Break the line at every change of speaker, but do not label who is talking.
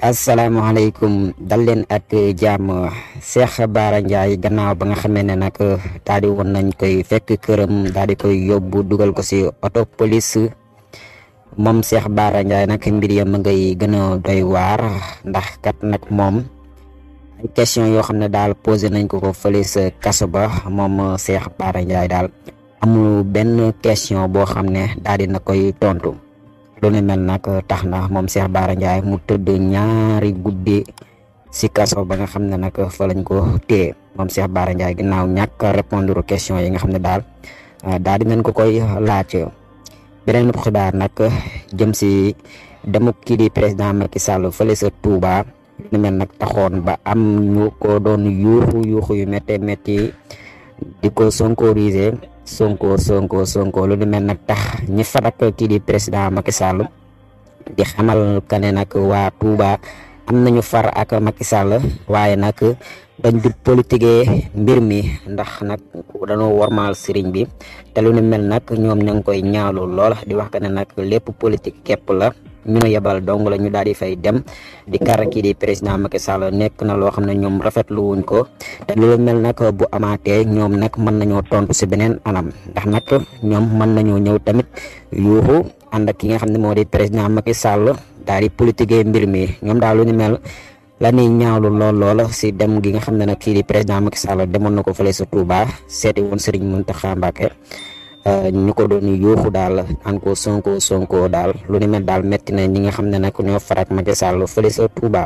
asalaamaaleykum dal leen ak jàmm Cheikh Bara Ndiaye gannaaw ba nga xamee ne nag daal di woon nañ koy fekk këram daal di koy yóbbu dugal ko si oto police moom Cheikh Bara nag mbir ya ma ngay gën a doy waar ndax kat nag moom question yoo xam ne daal posé nañ ko ko fële sa ba moom Cheikh Bara Ndiaye daal amul benn question boo xam ne daal di na koy tontu. lu ni mel nag tax na moom Cheikh Bara Ndiaye mu tëdd ñaari guddi si kaso ba nga xam ne nag fa lañ ko téye moom Cheikh Bara Ndiaye ginnaaw ñàkk répondre question yi nga xam ne daal euh, daal di nañ ko koy laaj beneen xibaar nag jëm si demuk kii di président Macky salo fële sa Touba lu mel nag taxoon ba am ñu ko doon yuuxu yuuxu yu méttee métti di ko sonkorisé Sonko Sonko Sonko lu ni mel nag tax ñi fatak kii di président Macky Sall di xamal ka ne nag waa Touba am nañu far ak Macky Sall waaye nag dañ du politique mbir mi ndax nag dañoo warmaal sëriñ bi te lu ni mel nag ñoom ña koy ñaalu lool di wax ka ne nag lépp politique képp la. ñu yabal dong la ñu di fay dem di karaki di président Macky Sall nek na lo xam ñom rafetlu wuñ ko lu mel nak bu amaatee ñom nak mën nañu tontu sebenen benen anam ndax nak ñom mën nañu ñew tamit yuuxu and ak nga xamne modi di président Macky Sall dari di politique mbir mi ñom da lu ni mel la ni ñaawlu lool lool si dem gi nga xamne nak nag di président Macky Sall demon nako fele fële Touba sété won Serigne Mountakha Mbacké Euh, ñu ko doon yuuxu daal an ko sonko sonko daal lu ni mel daal métti na ñi nga xam ne nag ñoo farak Macky Sall fële sa Touba